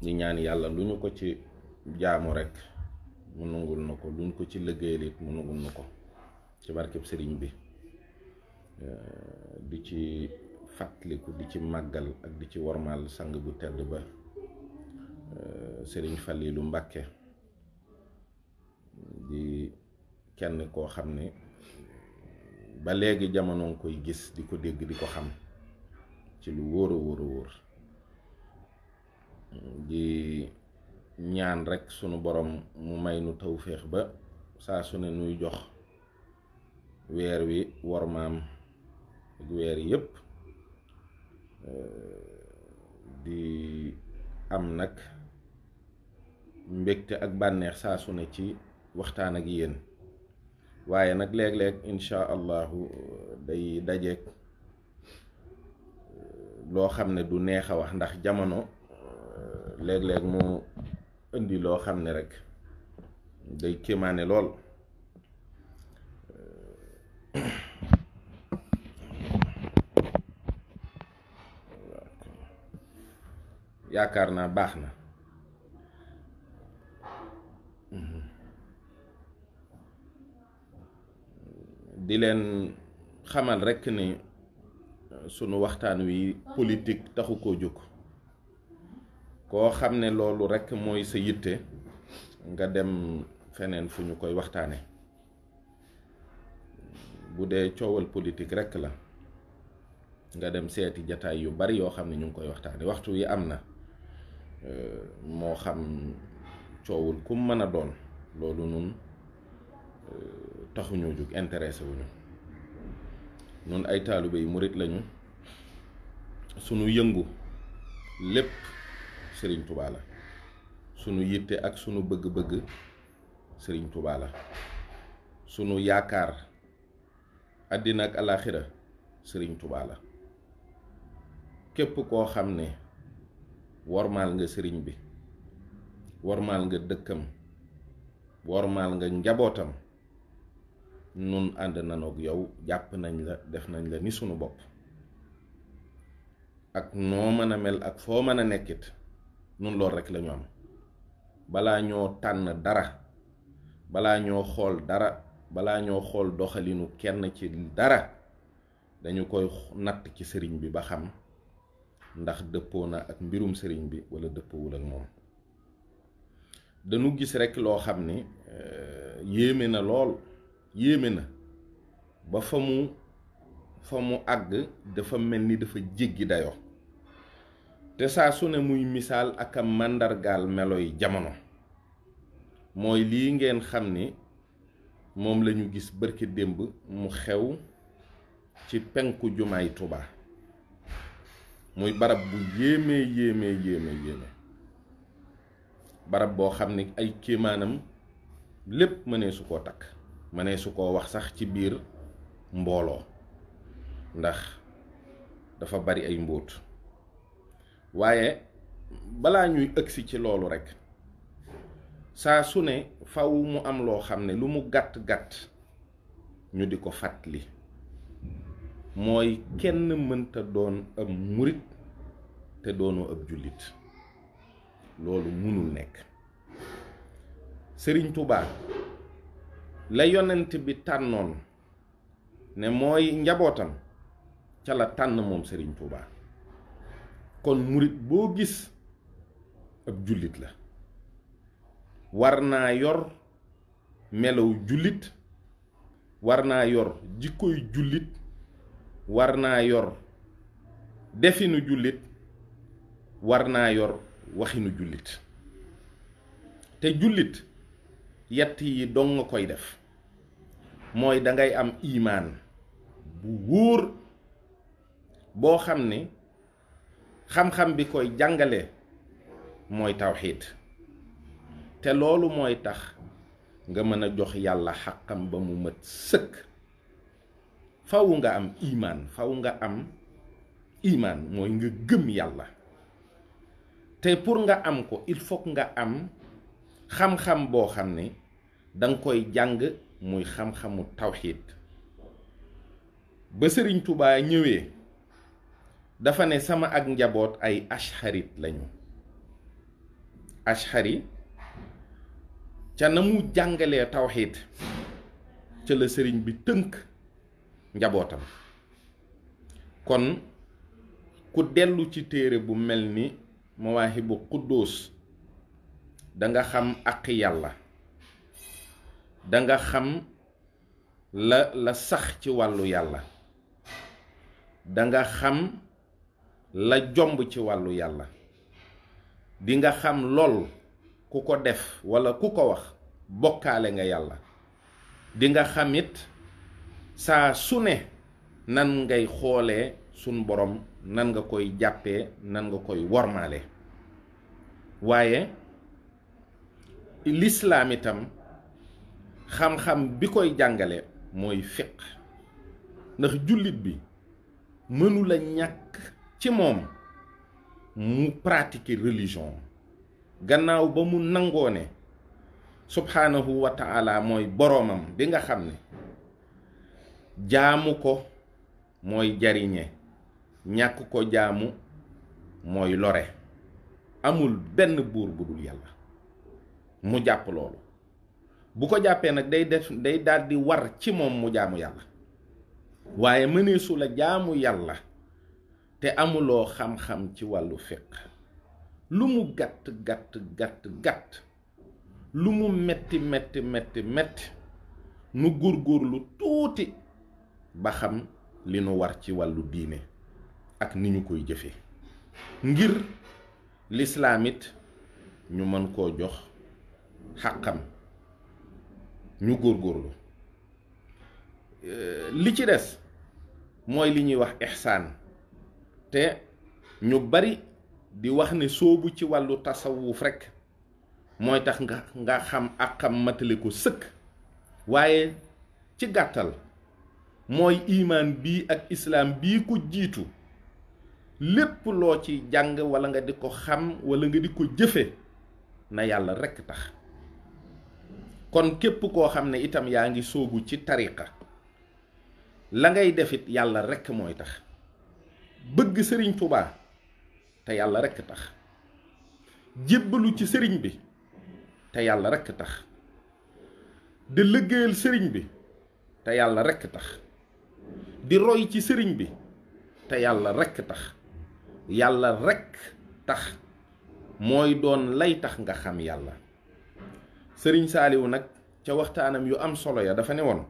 di ñaan yàlla lu ñu ko ci jaamu rekk mu nungul na ko lu ñu ko ci liggéeyal it mu nungul na ko ci barkeb sëriñ bi di ci fàttaliku di ci màggal ak di ci wormaal sang bu tedd ba sëriñ Faliilu Mbàkke di kenn koo xam ne ba léegi jamono ngi koy gis di ko dégg di ko xam ci lu wóor a wóor di ñaan rekk sunu borom mu may nu tawféex ba saa su ne nuy jox weer wi wormaam ak weer yépp eh, di am nag mbégte ak bànneex saa su ne ci waxtaan ak yéen waaye nag léeg-léeg incha allahu eh, day dajeek eh, loo xam ne du neex a wax ndax jamono Euh, léeg-léeg mu indi loo xam ne rek day kéemaane lool euh, yaakaar naa baax na euh, di leen xamal rekk ni sunu waxtaan wi politik taxu ko jóg koo xam ne loolu rekk mooy sa yitte nga dem feneen fu ñu koy waxtaane bu dee coowal politique rekk la nga dem seeti jataay yu bari yoo xam ne ñu ngi koy waxtaane waxtu yi am na euh, moo xam coowul ku mën a doon loolu nun euh, taxuñoo jóg intéressé wuñu nun ay taalibe yi murit lañu sunu yëngu lépp sëriñ tubaa la sunu yitte ak sunu bëgg-bëgg sëriñ tubaa la sunu yaakaar àddina ak alaaxira sëriñ tubaa la képp koo xam ne wormaal nga sëriñ bi wormaal nga dëkkam wormaal nga njabootam nun ànd nanoog yow jàpp nañ la def nañ la ni sunu bopp ak noo mën a mel ak foo mën a nekkit nun loolu rek la am balaa ñoo tànn dara balaa ñoo xool dara balaa ñoo xool doxalinu kenn ci dara dañu koy natt ci sëriñ bi ba xam ndax dëppoo na ak mbirum sëriñ bi wala dëppoowul ak moom dañu gis rekk loo xam ni euh, yéeme na lool yéeme na ba fa mu fa mu àgg dafa mel ni dafa jéggi dayoo te saa su ne muy misaal ak a màndargaal meloy jamono mooy lii ngeen xam ni moom lañu gis bërki démb mu xew ci penku jumaay tubaa muy barab bu yéeme yéeme yéeme barab boo xam ni ay kéemaanam lépp mëneesu su koo takk mënee su koo wax sax ci biir mbooloo ndax dafa bari ay mbóot waaye bala ñuy ëgsi ci loolu rekk saa su ne faw mu am loo xam ne lu mu gàtt-gàtt ñu di ko fàttali mooy kenn mënta doon ab murit te doonoo ab jullit loolu munul nekk sëriñ Tuubaa la yonent bi tànnoon ne mooy njabootam ca la tànn moom sëriñ Tuubaa kon murit boo gis ab jullit la war naa yor melow jullit war naa yor jikkoy jullit war naa yor definu jullit war naa yor waxinu jullit te jullit yett yi dong nga koy def mooy dangay am imaan bu wóor boo xam ne xam-xam bi koy jàngale mooy tawxiid te loolu mooy tax nga mën a jox yàlla xaqam ba mu mat sëkk faw nga am imaan faw nga am imaan mooy nga gëm yàlla te pour nga am ko il faut nga am xam-xam boo xam ni danga koy jàng muy xam-xamu tawxiid ba Sëriñ Tubaa ñëwee dafa ne sama ak njaboot ay ashharit lañu ashhari ca na mu jàngalee tawxiit ca la sëriñ bi tënk njabootam kon ku dellu ci téere bu mel ni mawaahibu quddus danga xam ak yàlla danga xam la la sax ci wàllu yàlla danga xam la jomb ci wàllu yàlla dinga xam lool ku ko def walla ku ko wax bokkaale nga yàlla dinga nga xam it saa su ne nan ngay xoolee sun borom nan nga koy jàppee nan nga koy wormaale waaye lislaam itam xam-xam bi koy jàngale mooy fiq ndax jullit bi mënula ñàkk ci moom mu pratiquer religion gannaaw ba mu nangoone ne subhaanahu mooy boroomam bi nga xam ne jaamu ko mooy jariñe ñàkk ko jaamu mooy lore amul benn buur bu dul yàlla mu jàpp loolu bu ko jàppee nag day def day daldi war ci moom mu jaamu yàlla waaye mëneesu la jaamu yàlla te amuloo xam-xam ci wàllu fiqh lu mu gàtt gàtt gàtt gàtt lu mu metti metti metti metti nu góorgóorlu tuuti ba xam li nu war ci wàllu diine ak ni ñu koy jëfe ngir lislaam it ñu mën koo jox xàqam ñu góorgóorlu li ci des mooy li ñuy wax ihsaan te ñu bari di wax ne soobu ci wàllu tasawuf rekk mooy tax nga nga xam ak xam matale ko sëkk waaye ci gàttal mooy imaan bii ak islaam bii ko jiitu lépp loo ci jàng walla nga di ko xam walla nga di ko jëfe na yàlla rekk tax kon képp koo xam ne itam yaa ngi soobu ci tariqa la ngay def it yàlla rekk mooy tax bëgg sëriñ Touba te yàlla rekk tax jébbalu ci sëriñ bi te yàlla rekk tax di liggéeyal sëriñ bi te yàlla rekk tax di roy ci sëriñ bi te yàlla rekk tax yàlla rekk tax mooy doon lay tax nga xam yàlla sëriñ Saaliwu nag ca waxtaanam yu am solo ya dafa ne woon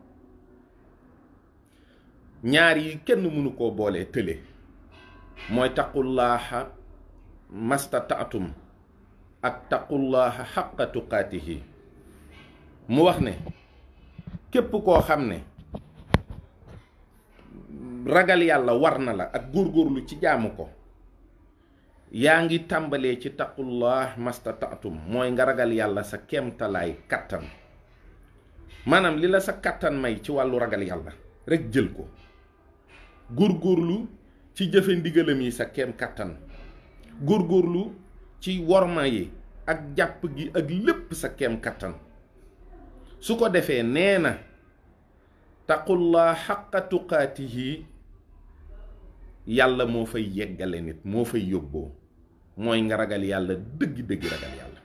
ñaar yi kenn mënu koo boole tële mooy taqullaaha mastataatum ak taqullaaha xaqa tuqaatihi mu wax ne képp koo xam ne ragal yàlla war na la ak góorgóorlu ci jaamu ko yaa ngi tàmbalee ci taqullah mastataatum mooy nga ragal yàlla sa kéemtalaay kattan maanaam li la sa kattan may ci wàllu ragal yàlla rek jël ko góorgóorlu ci jëfe ndigalam yi sa kem kàttan góorgóorlu ci worma yi ak jàpp gi ak lépp sa kem kàttan su ko defee nee na taqullaa xaqa tuqaatihi yàlla moo fay yeggale nit moo fay yóbboo mooy nga ragal yàlla dëgg-dëgg ragal yàlla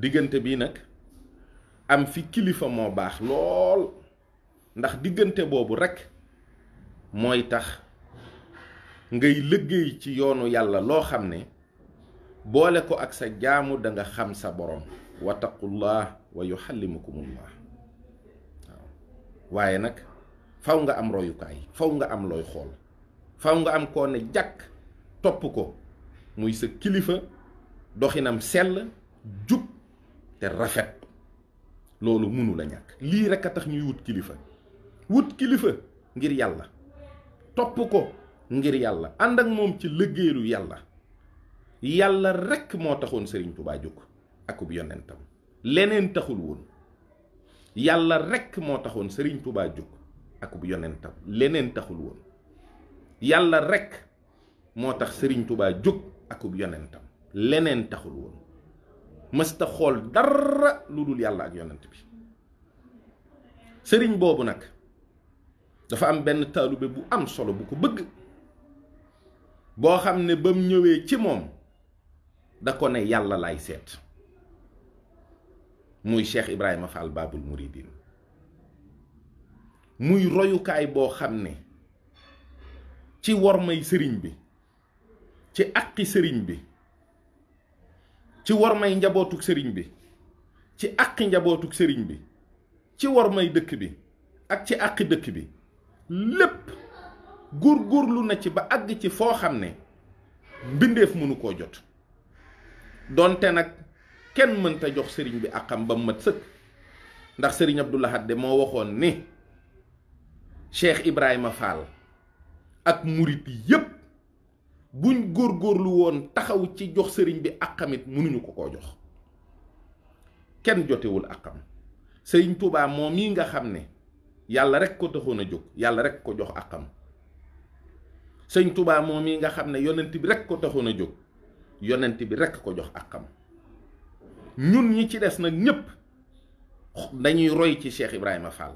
diggante bi nag am fi kilifa moo baax lool ndax diggante boobu rekk mooy tax ngay liggéey ci yoonu yàlla loo xam ne boole ko ak sa jaamu danga xam sa boroom wa taqullah wa yuxallimukumullah waaw waaye nag faw nga am royukaay faw nga am looy xool faw nga am koo ne jàkk topp ko muy sa kilifa doxinam sell jub te rafet loolu mënu la ñàkk lii rekk a tax ñuy wut kilifa wut kilifa ngir yàlla topp ko ngir yàlla ànd ak moom ci liggéeyu yàlla yàlla rekk moo taxoon sëriñ Touba jóg akub yonentam leneen taxul woon yàlla rekk moo taxoon Serigne Touba jóg akub yonentam leneen taxul woon yàlla rekk moo tax sëriñ tubaa jóg akub yonentam leneen taxul woon mësta xool dara lu dul yàlla ak yonent bi sëriñ boobu nag. dafa am benn taalube bu am solo bu ko bëgg boo xam ne ba mu ñëwee ci moom da ko ne yàlla laay seet muy Cheikh Ibrahima Fall Babul Mouridine muy royukaay boo xam ne ci wormay sëriñ bi ci aqi sëriñ bi ci wormay njabootuk sëriñ bi ci aqi njabootuk sëriñ bi ci may dëkk bi ak ci aqi dëkk bi lépp góor góorlu na ci ba àgg ci foo xam ne mbindeef mënu koo jot donte nag kenn mënta jox sëriñ bi àqam ba mu mat sëkk ndax sëriñ Abdou Lahad de moo waxoon ni Cheikh Ibrahima Fall ak murit yépp buñ góor góorlu woon taxaw ci jox sëriñ bi àqamit mënuñu ko koo jox kenn jotewul àqam sëriñ Touba moom yi nga xam ne yàlla rek ko taxoon a jóg yàlla rek ko jox àqam sëñ Touba moom yi nga xam ne yonent bi rek ko taxoon a jóg yonent bi rek ko jox àqam ñun ñi ci des nag ñépp dañuy roy ci Cheikh Ibrahima Fall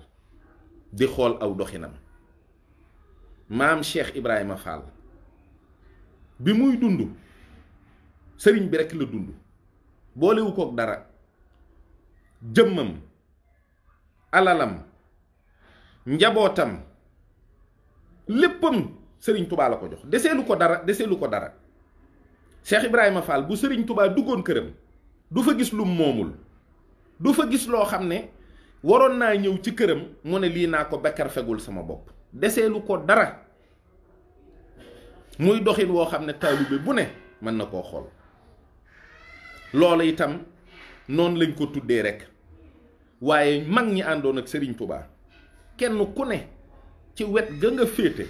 di xool aw doxinam maam Cheikh Ibrahima Fall bi muy dund sëriñ bi rekk la dund boolewu kook dara jëmmam alalam njabootam léppam sëriñ tubaa la ko jox deseelu ko dara deseelu ko dara Cheikh ibraahima Fall bu sëriñ tubaa duggoon këram du fa gis lu moomul du fa gis loo xam ne waroon naa ñëw ci këram mu ne lii naa ko bakkar fegul sama bopp deseelu ko dara muy doxin woo xam ne taalibe bu ne mën na koo xool loolu itam noonu lañ ko tuddee rek waaye mag ñi àndoon ak sëriñ tubaa kenn ku ne ci wet ga nga féete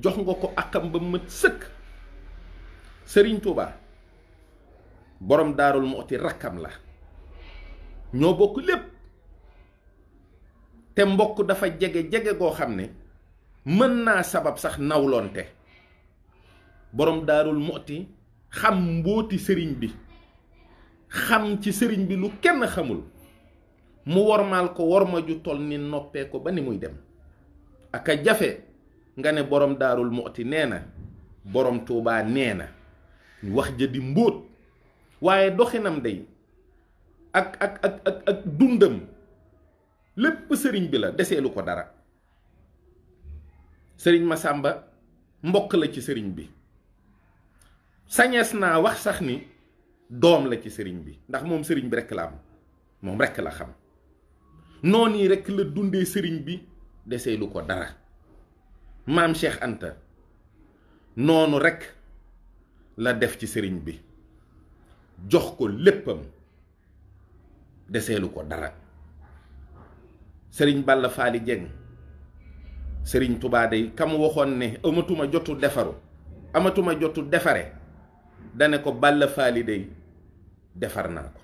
jox nga ko akam ba mët sëkk sëriñ Touba borom daarul mooti rakkam la ñoo bokk lépp te mbokk dafa jege-jege goo xam ne mën naa sabab sax nawlonte borom daarul mooti xam mbóoti sëriñ bi xam ci sëriñ bi lu kenn xamul mu wormaal ko worma ju tol ni noppee ko ba ni muy dem ak a jafe nga ne borom daarul muti nee na boroom tuubaa nee na wax ja di mbóot waaye doxinam dey ak ak ak dundam lépp sëriñ bi la deseelu ko dara sëriñ ma sàmba mbokk la ci sëriñ bi sañees naa wax sax ni doom la ci sëriñ bi ndax moom sëriñ bi rekk la am moom rekk la xam noon yi rekk la dunde sëriñ bi desee lu ko dara maam Cheikh Anta noonu rekk la def ci sëriñ bi jox ko léppam deseelu ko dara sëriñ Balla Faali Jeng sëriñ Tubaa day kam waxoon ne amatuma jotu defaru amatuma jotu defare dane ko Balla Faali day defar naa ko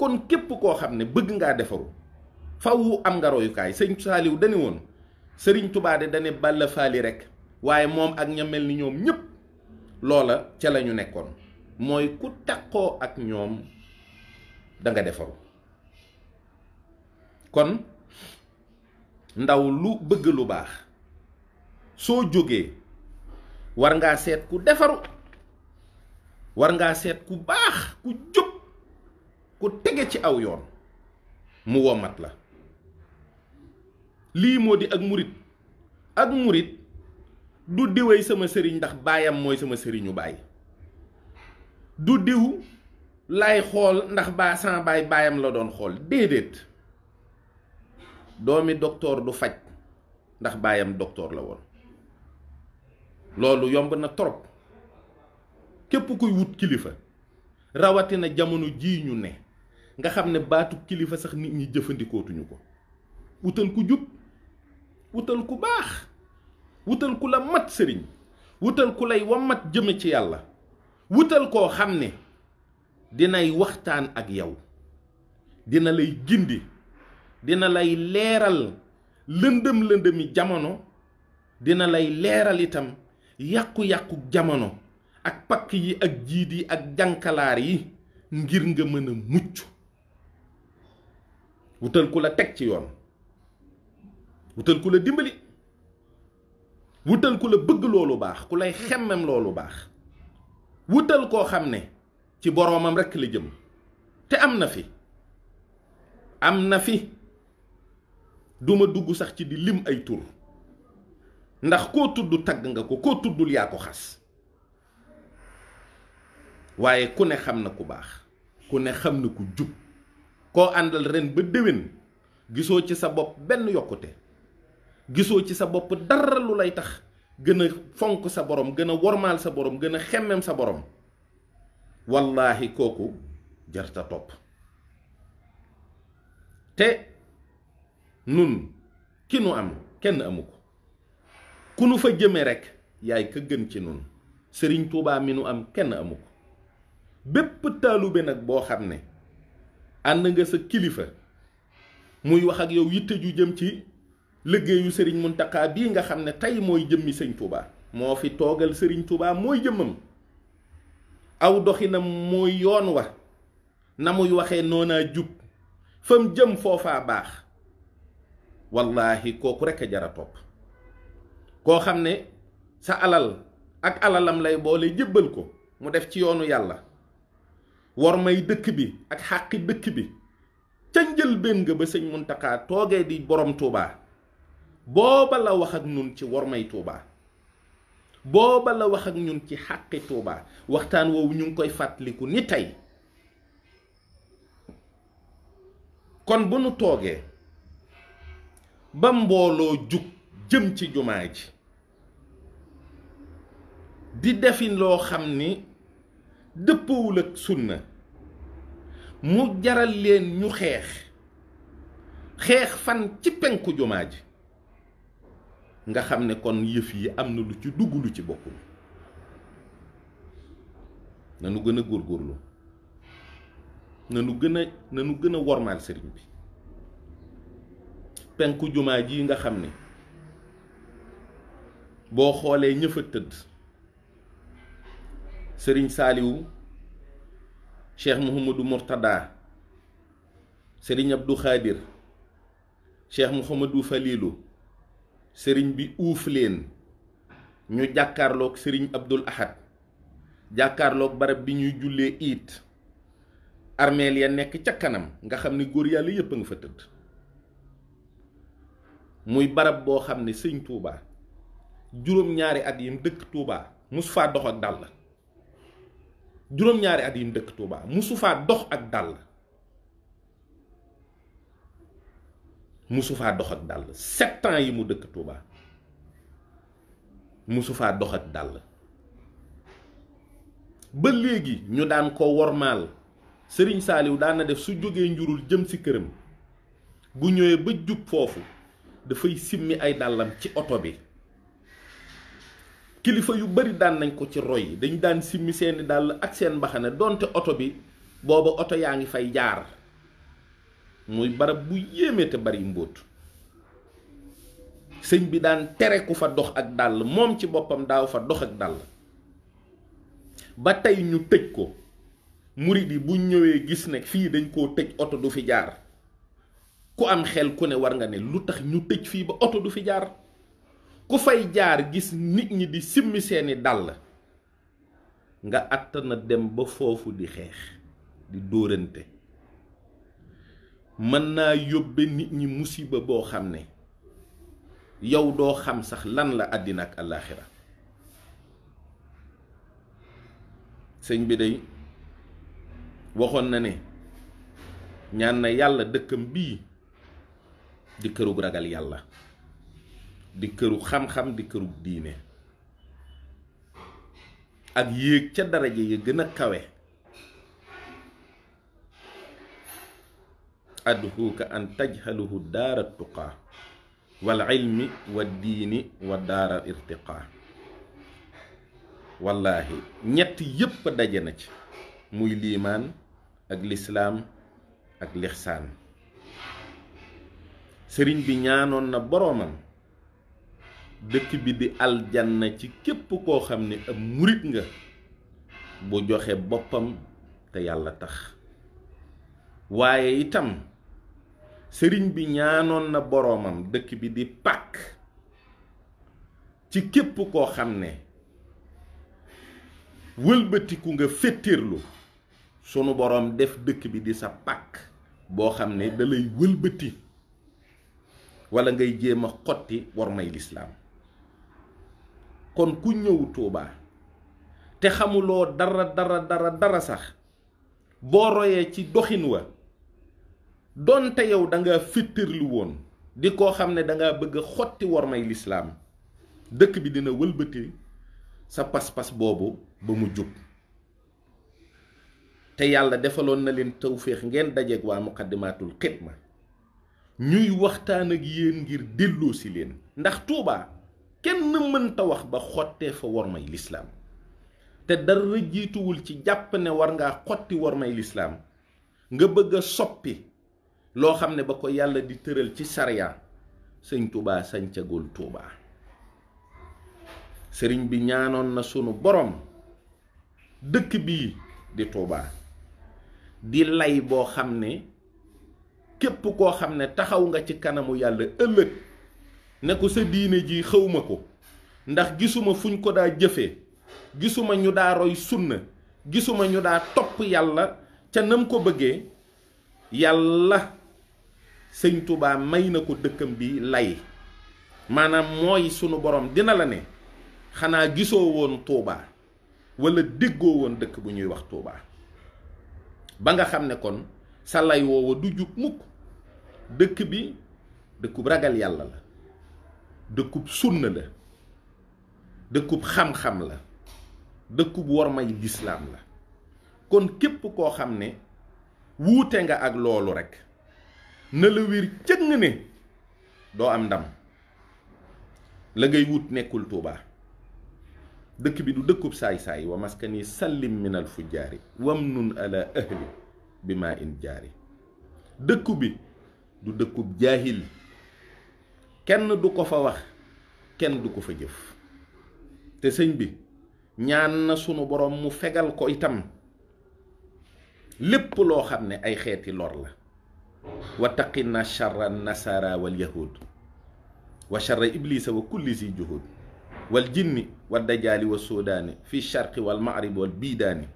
kon képp koo xam ne bëgg ngaa defaru fawwu am nga royukaay sëñ saaliw dani woon sëriñ Tuubaa de dane bàll faali rek waaye moom ak ña mel ni ñoom ñëpp loola ca la ñu nekkoon mooy ku takkoo ak ñoom da nga defaru kon ndaw lu bëgg lu baax soo jógee war ngaa seet ku defaru war ngaa seet ku baax ku jub ku tege ci aw yoon mu womat la lii moo di ak murit ak murit du diwey sama sëriñ ndax baayam mooy sama sëriñu baay du diw lay xool ndax baa san baay baayam la doon xool déedéet doomi doktoor du faj ndax baayam doktoor la woon loolu yomb na trop képp kuy wut kilifa rawatina jamono jii ñu ne nga xam ne baatu kilifa sax nit ñi jëfandikootuñu ko wutal ku jub wutal ku baax wutal ku la mat sëriñ wutal ku lay wamat jëme ci yàlla wutal koo xam ne dinay waxtaan ak yow dina lay gindi dina lay leeral lëndëm lëndëmi jamono dina lay leeral itam yàqu-yàqu jamono ak pakk yi ak jiit yi ak jànkalaar yi ngir nga mën a mucc wutal ku la teg ci yoon wutal ku la dimbali wutal ku la bëgg lu baax ku lay xemmem lu baax wutal koo xam ne ci boroomam rekk la jëm te am na fi am na fi duma dugg sax ci di lim ay tur ndax koo tudd tagg nga ko koo tuddul yaa ko xas waaye ku ne xam na ku baax ku ne xam na ku jub koo àndal ren ba déwén gisoo ci sa bopp benn yokkute gisoo ci sa bopp dara lu lay tax gën a fonk sa boroom gën a wormaal sa boroom gën a xemmem sa borom wallaahi kooku jarta topp te nun ki nu am kenn amu ko ku nu fa jëme rekk yaay ka gën ci nun sëriñ tuubaa mi nu am kenn amu ko bépp taalube nag boo xam ne ànd nga sa kilifa muy wax ak yow yitte ju jëm ci liggéeyu sëriñ Muntaxa bii nga xam ne tey mooy jëmmi sëñ Touba moo fi toogal sëriñ Touba mooy jëmmam aw doxinam mooy yoon wa na muy waxee noonaa jub fam jëm foofaa baax wallaahi kooku rek a jara topp koo xam ne sa alal ak alalam lay boole jébbal ko mu def ci yoonu yàlla war dëkk bi ak xàqi dëkk bi ca njëlbéen nga ba sëñ muntaka tooge di boroom Touba booba la wax ak ñun ci war may waxtaan woowu ñu ngi koy fàttaliku ni tey kon bu nu toogee ba mbooloo jug jëm ci jumaa ji di defi loo xam ni dëppawul ak sunna mu jaral leen ñu xeex xeex fan ci penku jumaa ji nga xam ne kon yëf yi am na lu ci dugg lu ci bokkul nanu gën a góorgóorlu nanu gën a nanu gën a wormaal sëriñ bi penku jumaa ji nga xam ni boo xoolee ñëfa tëdd sëriñ saaliwu cheikh Mouhamadou Mourtada Serigne Abdou Khadir cheikh Mouhamadou Falilou sëriñ bi uuf leen ñu jàkkaarloog sëriñ Abdul Ahad jàkkaarloog barab bi ñuy jullee iit armeel ya nekk ca kanam nga xam ni góor yàlla yépp a nga fa tëdd muy barab boo xam ne sëñ Touba juróom-ñaari at yim dëkk tuubaa mos faa dox ak dal la juróom-ñaari at yi mu dëkk Touba musu faa dox ak dàll musu faa dox ak dàll sept yi mu dëkk Touba musu faa dox ak dàll ba léegi ñu daan ko wormaal sëriñ saaliw daan def su jógee njurul jëm si këram bu ñëwee ba jub foofu dafay simmi ay dàllam ci oto bi kilifa yu bari daan nañ ko ci roy dañ daan simmi seeni dàll ak seen mbaxane donte oto bi booba oto yaa ngi fay jaar muy barab bu yéeme te bari mbóot sëñ bi daan tere ku fa dox ak dàll moom ci boppam daaw fa dox ak dàll ba tey ñu tëj ko murid yi bu ñëwee gis ne fii dañ koo tëj oto du fi jaar ku am xel ku ne war nga ne lu tax ñu tëj fii ba oto du fi jaar ku fay jaar gis nit ñi di simmi seeni dàll nga àttana dem ba foofu di xeex di dóorante mën naa yóbbe nit ñi musiba boo xam ne yow doo xam sax lan la àddina ak àllaaxira sëñ bi day waxoon na ne ñaan na yàlla dëkkam bii di kërug ragal yàlla di këru xam-xam di këru diine ak yéeg ca daraja yi gën a kawe adhuuka an tajhaluhu daara tuqaa wal ilmi wa diini wa daara irtiqaa wallaahi ñett yépp daje na ci muy liimaan ak lislaam ak lixsaan sëriñ bi ñaanoon na boroomam dëkk bi di aljanna ci képp koo xam ne ab murit nga bu joxe boppam te yàlla tax waaye itam sëriñ bi ñaanoon na boroomam dëkk bi di pàkk ci képp koo xam ne wëlbatiku nga féttirlu sunu boroom def dëkk bi di sa pàkk boo xam ne da lay wëlbati wala ngay jéema xotti war may lislaam kon ku ñëw Tuubaa te xamuloo dara dara dara dara sax boo royee ci doxin wa doonte yow da nga woon di koo xam ne danga nga bëgg a xotti wormay lislaam dëkk bi dina wëlbati sa pas-pas boobu ba mu jub te yàlla defaloon na leen tawféex ngeen dajeeg waa muqaddimatul ma ñuy waxtaan ak yéen ngir delloo si leen ndax Tuubaa kenn mënta wax ba xottee fa war lislaam te dara jiituwul ci jàpp ne war ngaa xotti wormay lislaam nga bëgg a soppi loo xam ne ba ko yàlla di tëral ci sariya sëñ Tuubaa sancagul Tuubaa sëriñ bi ñaanoon na sunu borom dëkk bii di Tuubaa di lay boo xam ne képp koo xam ne taxaw nga ci kanamu yàlla ëllëg ne ko sa diine ji xaw ko ndax gisuma fuñ ko daa jëfee gisuma ñu daa roy sunna gisuma ñu daa topp yàlla ca nam ko bëggee yàlla sëñ Tuubaa may na ko dëkkam bi lay maanaam mooy sunu borom dina la ne xanaa gisoo woon Tuubaa wala déggoo woon dëkk bu ñuy wax Tuubaa ba nga xam ne kon sa lay woowa du jub mukk dëkk bi dëkkub ragal yàlla la dëkkub sunna la dëkkub xam-xam la dëkkub wormay lislaam la kon képp koo xam ne wuute nga ak loolu rekk na la wér cëng ne doo am ndam la ngay wut nekkul tuubaa dëkk bi du dëkkub saay-saay wa maskani sallim min fu fujjaari wam nun ala ahli bi maa in jaari dëkku bi du dëkkub jaahil kenn du ko fa wax kenn du ko fa jëf te sëñ bi ñaan na sunu boroom mu fegal ko itam lépp loo xam ne ay xeeti lor la wa taqina charra nasara wal yahud wa charra iblisa wa kulli si juhud wal jinni wa dajaali wa suudaani fi charqi wal maarib wal biidaani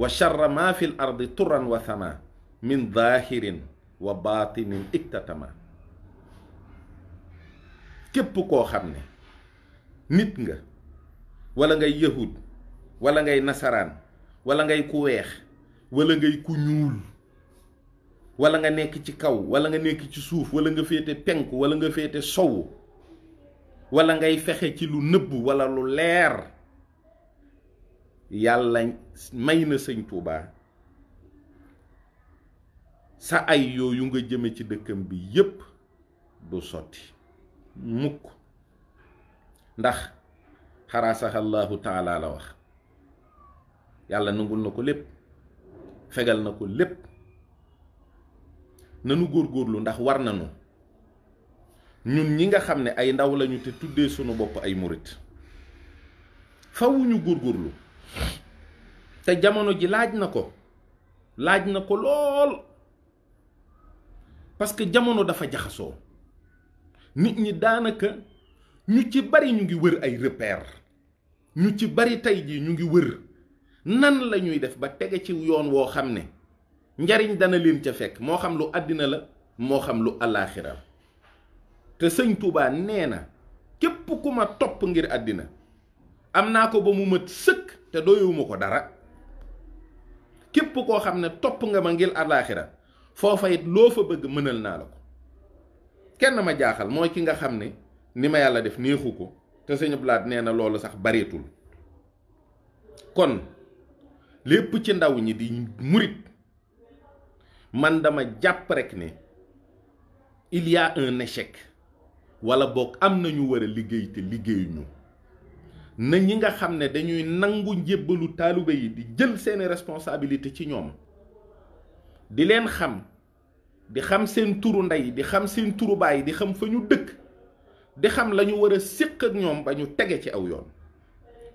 wa charra ma fi l ardi turan wa sama min zahirin wa batinin iktatama képp koo xam ne nit nga wala ngay yahud walla ngay nasaraan walla ngay ku weex wala ngay ku ñuul wala nga nekk ci kaw wala nga nekk ci suuf wala nga féete penku wala nga féete sowu wala ngay fexe ci lu nëbb wala lu leer yàlla may na sëñ Tuubaa sa ay yooyu nga jëme ci dëkkam bi yépp du sotti mukk ndax xaraasaxallaahu taala la wax yàlla nangul na ko lépp fegal na ko lépp nanu góor góorlu ndax war nanu ñun ñi nga xam ne ay ndaw lañu te tuddee sunu bopp ay murit fawuñu góorgóorlu te jamono ji laaj na ko laaj na ko lool parce que jamono dafa jaxasoo nit ñi daanaka ñu ci bari ñu ngi wër ay repère ñu ci bari tey jii ñu ngi wër nan la ñuy def ba tege ci yoon woo xam ne njariñ dana leen ca fekk moo xam lu àddina la moo xam lu àllaaxira te sëñ Tuubaa nee na képp ku ma topp ngir àddina am naa ko ba mu mët sëkk te doyewuma ko dara képp koo xam ne topp nga ma ngir àllaaxira foofa it loo fa bëgg mënal naa la ko kenn ma jaaxal mooy ki nga xam ne ni ma yàlla def neexu ko te sëñ blaat nee na loolu sax bareetul kon lépp ci ndaw ñi di murit man dama jàpp rek ne il y a un échec wala boog am na ñu war a liggéey te liggéeyuñu na ñi nga xam ne dañuy nangu njébbalu taalibe yi di jël seeni responsabilité ci ñoom di leen xam di xam seen turu ndey di xam seen turu baay di xam fa ñu dëkk di xam lañu war a séq ak ñoom ba ñu tege ci aw yoon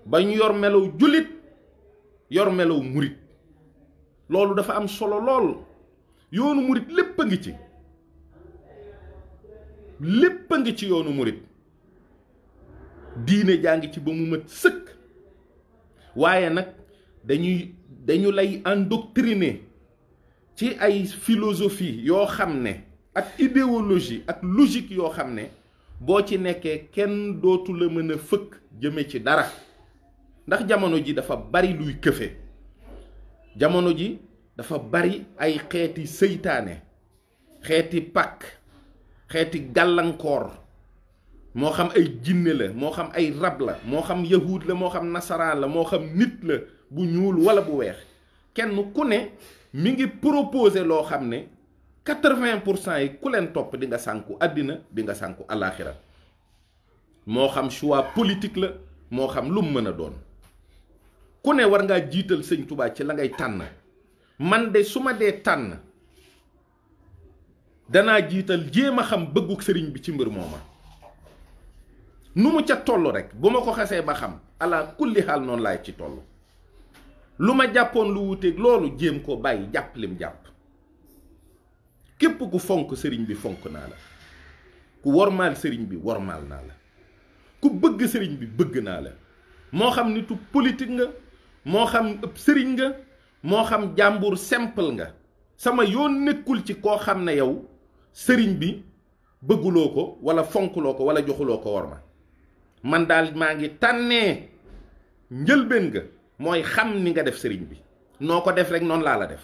ba ñu yor melow jullit yor melow murit loolu dafa am solo lool yoonu murit lépp a ngi ci lépp a ngi ci yoonu murit diine jaa ngi ci ba mu mat sëkk waaye nag dañuy dañu lay endoctriner ci ay filosofi yoo xam ne ak idéologie ak logique yoo xam ne boo ci nekkee kenn dootu la mën a fëkk jëme ci dara ndax jamono ji dafa bari luy këfe jamono ji dafa bari ay xeeti seytaane xeeti pàkk xeeti gàllankoor moo xam ay jinne la moo xam ay rab la moo xam yahuud la moo xam nasaraan la moo xam nit la bu ñuul walla bu weex kenn ku ne mi ngi proposé loo xam ne quatre-vingt pour cent yi ku leen topp dinga nga sànku àddina di nga sànku alaaxira moo xam choix politique la moo xam lu mu mën a doon ku ne war ngaa jiital sëñ Tuubaa ci la ngay tànn man de su ma dee tànn danaa jiital jéem a xam bëggu sëriñ bi ci mbir mooma nu mu ca toll rek bu ma ko xasee ba xam ala kulli xaal noonu laay ci toll lu ma jàppoon lu wuteeg loolu jéem ko bàyyi jàpp lim jàpp képp ku fonk sëriñ bi fonk naa la ku wormaal sëriñ bi wormaal naa la ku bëgg sëriñ bi bëgg naa la moo xam nitu politique nga moo xam ëpp sëriñ nga moo xam jàmbur sempal nga sama yoon nekkul ci koo xam ne yow sëriñ bi bëgguloo ko wala fonkuloo ko wala joxuloo ko worma man daal maa ngi tànnee njëlbéen nga mooy xam ni nga def sëriñ bi noo ko def rek noonu laa la def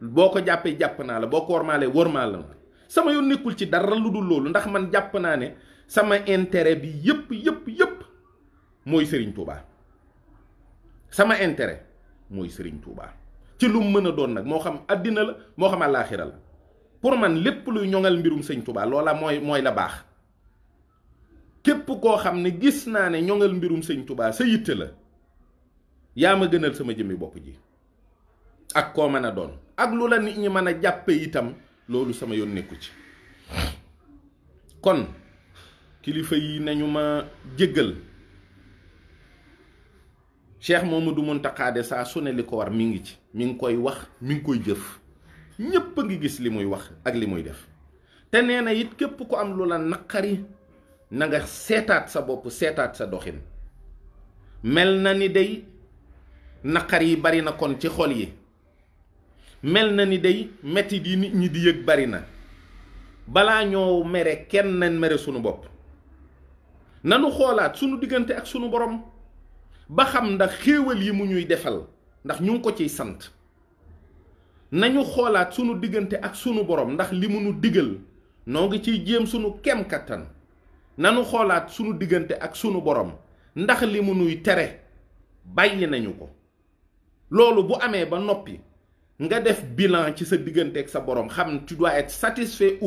boo ko jàppee jàpp naa la boo ko wormaalee wormaal la sama yoon nekkul ci dara lu dul loolu ndax man jàpp naa ne sama intérêt bi yëpp yëpp yëpp mooy sëriñ Touba sama intérêt mooy sëriñ Touba ci lu mën a doon nag moo xam àddina la moo xam àllaaxira la pour man lépp luy ñoŋal mbirum sëñ Touba loola mooy mooy la baax képp koo xam ne gis naa ne ñoŋal mbirum sëñ Touba sa yitte la. yaa ma gënal sama jëmmi bopp ji ak koo mën a doon ak lu la nit ñi mën a jàppe itam loolu sama yoon nekku ci kon kilifa yi nañu ma jéggal moomu du Mountakha de saa su ne li ko war mi ngi ci mi ngi koy wax mi ngi koy jëf ñépp a ngi gis li muy wax ak li muy def te nee na it képp ku am lu la naqari na nga seetaat sa bopp seetaat sa doxin mel na ni day naqar yi bari na kon ci xol yi mel na ni dey mettit yi nit ñi di yëg bari na balaa ñoo mere kenn nañ mere sunu bopp nanu xoolaat sunu diggante ak sunu borom ba xam ndax xéewal yi mu ñuy defal ndax ñu ko ciy sant nañu xoolaat sunu diggante ak sunu borom ndax li mu nu digal noo ngi ciy jéem sunu kem kattan nanu xoolaat sunu diggante ak sunu borom ndax li mu nuy tere bàyyi nañu ko loolu bu amee ba noppi nga def bilan ci sa digganteeg sa borom xam tu dois être satisfait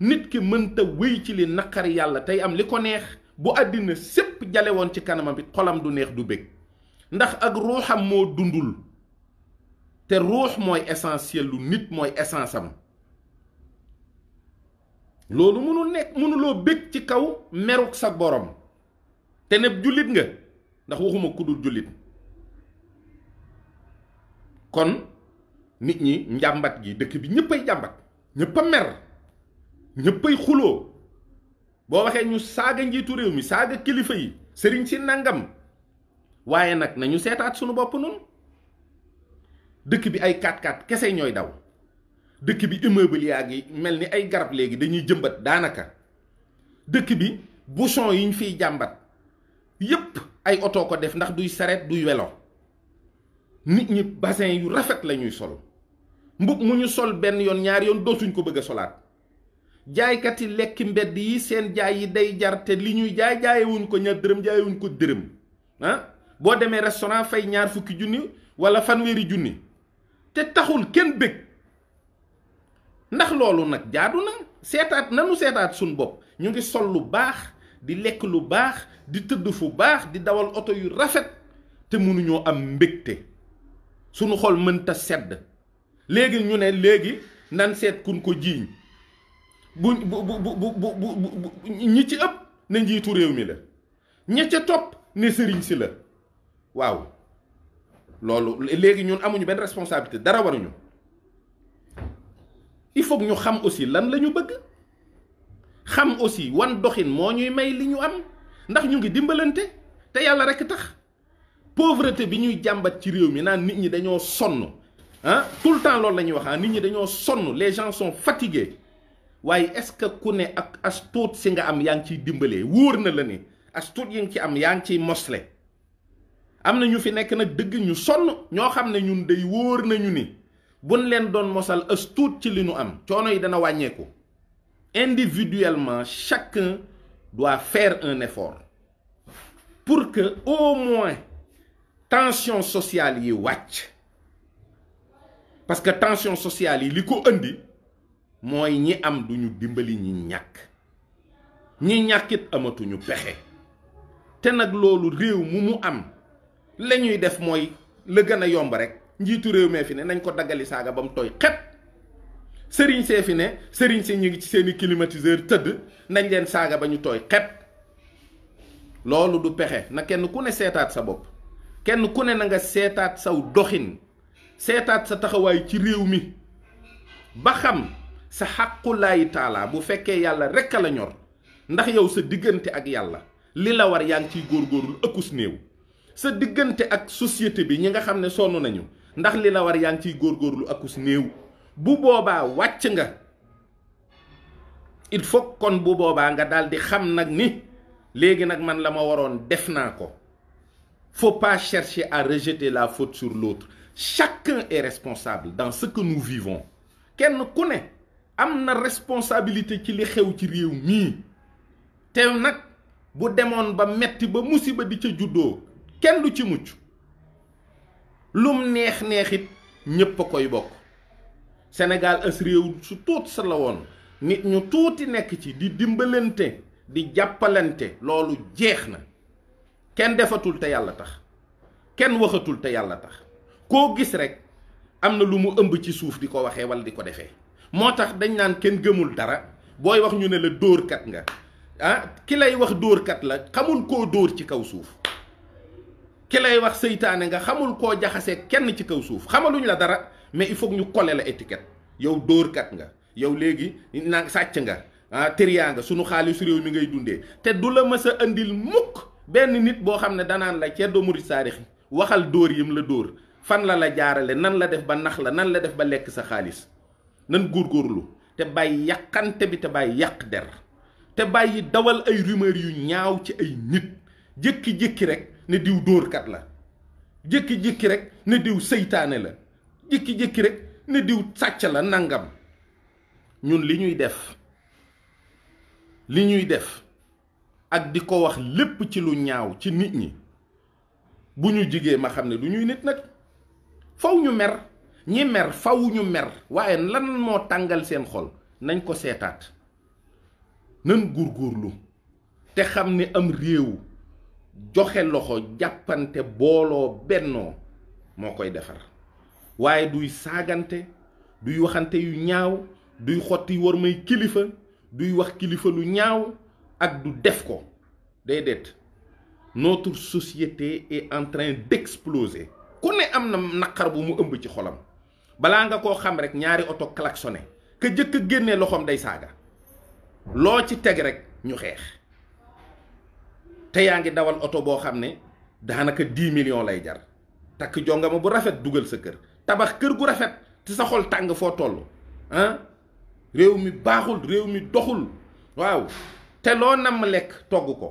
nit ki mënta wéy ci li naqar yàlla tey am li ko neex bu àddina sépp jale woon ci kanamam bi xolam du neex du bég ndax ak ruuxam moo dundul te ruux mooy essentiel lu nit mooy essence am loolu mënuloo bég ci kaw meruk sa boroom te neb jullit nga ndax waxuma ku dul jullit kon nit ñi njàmbat gi dëkk bi ñëppay jàmbat ñëpp a mer ñëppay xuloo boo waxee ñu saaga njiitu réew mi saaga kilifa yi sëriñ si nangam waaye nag nañu seetaat sunu bopp noonu dëkk bi ay 4 x kese ñooy daw dëkk bi immeuble yaa ngi mel ni ay garab léegi dañuy jëmbat daanaka dëkk bi bouchon yi ñu fiy jàmbat yépp ay oto ko def ndax duy saret duy welo nit ñi bassin yu rafet la ñuy sol mbub mu ñu sol benn yoon ñaari yoon dootuñ ko bëgg a solaat jaaykat yi lekki mbedd yi seen jaay yi day jar te li ñuy jaay jaayewuñ ko ña dërëm jaayewuñ ko dërëm ah, boo demee restaurant fay ñaar fukki junni wala fanweeri junni te taxul kenn bëgg ndax loolu nag jaadu na seetaat nanu seetaat suñ bopp ñu ngi sol lu baax di lekk lu baax di tëdd fu baax di dawal oto yu rafet te mënuñoo am mbégte suñu xol mënta sedd léegi ñu ne léegi nan seet kun ko jiiñ bu bu bu bu ñi ci ëpp na njiitu réew mi la ña ca topp ne sëriñ si la waaw loolu léegi ñun amuñu benn responsabilité dara waruñu il faut ñu xam aussi lan la ñu bëgg xam aussi wan doxin moo ñuy may li ñu am ndax ñu ngi dimbalante te yàlla rekk tax pauvreté bi ñuy jàmbat ci réew mi naan nit ñi dañoo sonn ah tout le la ñuy wax ah nit ñi dañoo sonn les gens sont fatigués waaye est-ce que ku ne ak as tuut si nga am yaa ngi ciy dimbalee wóor na la ni as tuut yi ngi ci am yaa ngi ciy mosle am na ñu fi nekk nag dëgg ñu sonn ñoo xam ne ñun day wóor nañu ni buñ leen doon mosal as ci li ñu am coono yi dana wàññeeku individuellement chacun doit fair un effort pour que au moins tension sociale yi wàcc parce que tension sociale yi li ko indi mooy ñi am duñu dimbali ñi ñàkk ñi ñàkkit amatuñu pexe te nag loolu réew mu mu am la ñuy def mooy la gën a yomb rek njiitu réew mee fi ne nañ ko daggali saaga ba mu tooy xepp sëriñ see fi ne sëriñ see ñu ngi ci seeni climatiseur tëdd nañ leen saaga ba ñu tooy xepp loolu du pexe na kenn ku ne seetaat sa bopp kenn ku ne na nga seetaat saw doxin seetaat sa taxawaay ci réew mi ba xam sa xàqulaayi taalaa bu fekkee yàlla rekk a la ñor ndax yow sa diggante ak yàlla li la war yaa ngi ciy góorgóorlu ëkkus néew sa diggante ak société bi ñi nga xam ne sonn nañu ndax li la war yaa ngi ciy góorgóorlu akus néew bu boobaa wàcc nga it faut kon bu boobaa nga daldi xam nag ni léegi nag man la ma waroon def naa ko faut pas chercher à rejeter la faut sur l'autre chacun est responsable dans ce que kenn ku ne am na responsabilité ci li xew ci réew mii te nag bu demoon ba metti ba musiba di ca juddoo kenn lu ci mucc lum neex neexit ñépp a koy bokk senegal as réew su tuut sa la woon nit ñu tuuti nekk ci di dimbalante di jàppalante loolu jeex na kenn defatul te yàlla tax kenn waxatul te yàlla tax koo gis rek am na lu mu ëmb ci suuf di ko waxee wala di ko defee moo tax dañ naan kenn gëmul dara booy wax ñu ne la dóorkat nga ah ki lay wax dóorkat la xamul koo dóor ci kaw suuf ki lay wax seytaane nga xamul koo jaxasee kenn ci kaw suuf xamaluñ la dara mais il foog ñu coller la étiquette yow dóorkat nga yow léegi na sàcc nga ah tëriyaa nga sunu xaalis réew mi ngay dundee te du la mës a andil mukk benn nit boo xam ne danaan la cee murit saarix waxal dóor yim la dóor fan la la jaarale nan la def ba nax la nan la def ba lekk sa xaalis nan góorgóorlu te bàyyi yàqante bi te bàyyi yàq der te bàyyi dawal ay rumeur yu ñaaw ci ay nit jékki-jékki rek ne diw dóorkat la jëkki jékki rek ne diw seytaane la jékki-jékki rek ne diw sàcc la nangam ñun li ñuy def li ñuy def ak di ko wax lépp ci lu ñaaw ci nit ñi bu ñu jigee ma xam ne du ñuy nit nag faw ñu mer ñi mer faw mer waaye lan moo tàngal seen xol nañ ko seetaat nan góorgóorlu te xam ni am réew joxe loxo jàppante booloo bennoo moo koy defar waaye duy saagante duy waxante yu ñaaw duy xotti war may kilifa duy wax kilifa lu ñaaw ak du def ko déedéet notre société est en train d'exploser ku ne am na naqar bu mu ëmb ci xolam balaa nga koo xam rek ñaari oto klaxonné ka jëkk génnee loxoom day saaga loo ci teg rek ñu xeex te yaa ngi dawal oto boo xam ne daanaka dix million lay jar takk jongama bu rafet dugal sa kër tabax kër gu rafet te sa xol tàng foo toll ah réew mi baaxul réew mi doxul waaw te loo namm lekk togg ko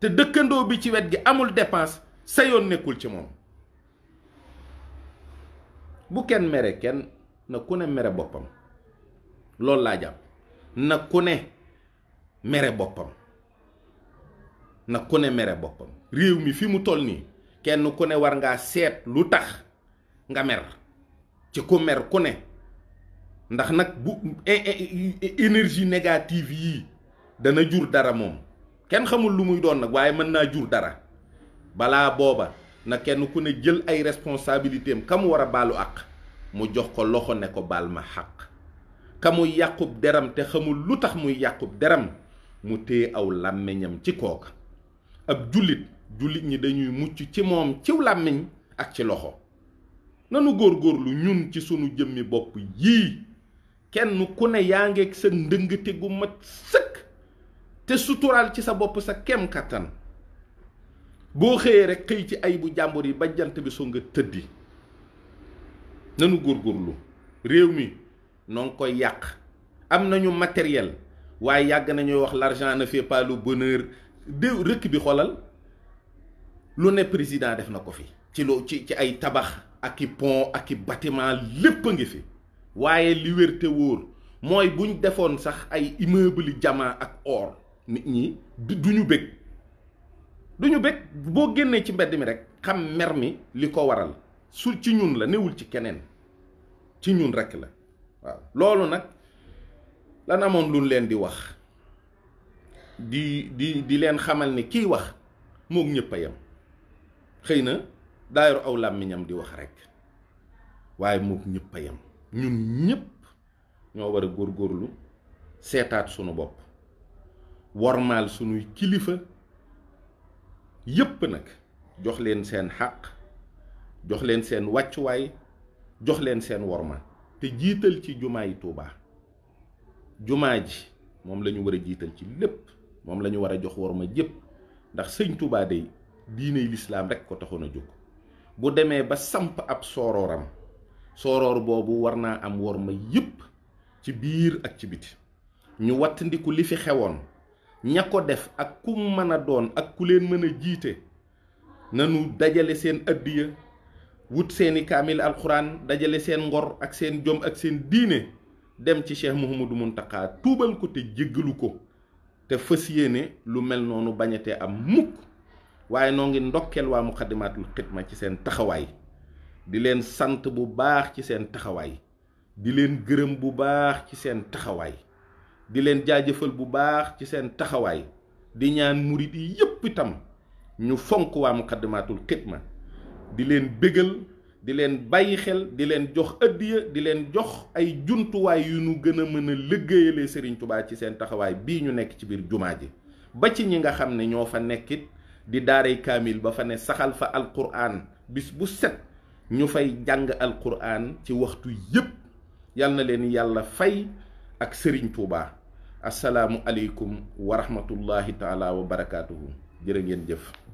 te dëkkandoo bi ci wet gi amul dépense sa yoon nekkul ci moom bu kenn mere kenn na ku ne mere boppam loolu laa jàpp na ku ne mere boppam na ku ne mere réew mi fi mu toll nii kenn ku ne war ngaa seet lu tax nga mer ci ku mer ku ne ndax nag bu eh, eh, eh, énergie négative yii dana jur dara moom kenn xamul lu muy doon nag waaye mën naa jur dara balaa booba na kenn ku ne jël ay responsabilité am ka mu war a baalu àq mu jox ko loxo ne ko baal ma xaq ka mu yàqub deram te xamul lu tax muy yàqub deram mu téye aw làmmiñam ci kooka ab jullit jullit ñi dañuy mucc ci moom ciw làmmiñ ak ci loxo nanu góor góor lu ñun ci sunu jëmmi bopp yii kenn ku ne yaa ngeeg sa ndëngte gu mat sëkk te suturaal ci sa bopp sa kem kàttan boo xëyee rek xëy ci ay bu jàmbur yi ba jant bi soo nga tëddi nanu góorgóorlu réew mi noo ko yàq am nañu matériel waaye yàgg nañuy wax l'argent na fait pas le rëkk bi xoolal lu ne président def na ko fi ci loo ci ci ay tabax ak i pont ak i bâtiment lépp a ngi fi waaye li wér te wóor mooy buñ defoon sax ay immeuble jamaa ak oor nit ñi du ñu bëgg du bëgg boo génnee ci mbedd mi rek xam mer mi li ko waral su ci ñun la newul ci keneen ci ñun rek la waaw loolu nag lan amoon lu leen di wax di di di leen xamal ni kiy wax mook ñëpp xëy na daa aw làmmiñam di wax rek waaye mook ñëpp a yem ñun ñëpp ñoo war a góor góorlu seetaat sunu bopp. wormaal sunuy kilifa yépp nag jox leen seen xàq jox leen seen wàccuwaay jox leen seen worma te jiital ci jumaa yi Tuubaa jumaa ji moom lañu war a jiital ci lépp moom lañu war a jox worma jëpp ndax sëñ Tuubaa day diiney lislaam rekk ko taxoon na jóg bu demee ba samp ab soorooram sooroor boobu war naa am worma yépp ci biir ak ci biti ñu wattandiku li fi xewoon ña ko def ak ku mën a doon ak ku leen mën a jiite nanu dajale seen addiya wut seeni kaamil alxuraan dajale seen ngor ak seen jom ak seen diine dem ci cheikh du Mountakha tuubal ko te jéggalu ko te fës yéene lu mel noonu bañatee am mukk waaye noo ngi ndokkeel waa muqaddimatul ma ci seen taxawaay di leen sant bu baax ci seen taxawaay di leen gërëm bu baax ci seen taxawaay di leen jaajëfal bu baax ci seen taxawaay di ñaan murit yi yépp itam ñu fonk waa muqaddamatul ma di leen bégal di leen bàyyi xel di leen jox addiya di leen jox ay jumtuwaay yu ñu gën a mën a liggéeyale Serigne Touba ci seen taxawaay bii ñu nekk ci biir jumaa ji ba ci ñi nga xam ne ñoo fa nekkit di daaray kaamil ba fa ne saxal fa alquran bis bu set ñu fay jàng alquran ci waxtu yépp yal na leen yàlla fay ak sëriñ Touba. asalaamualeykum wa rahmatullahi taala wa barakaatuhu jërë ngeen jëf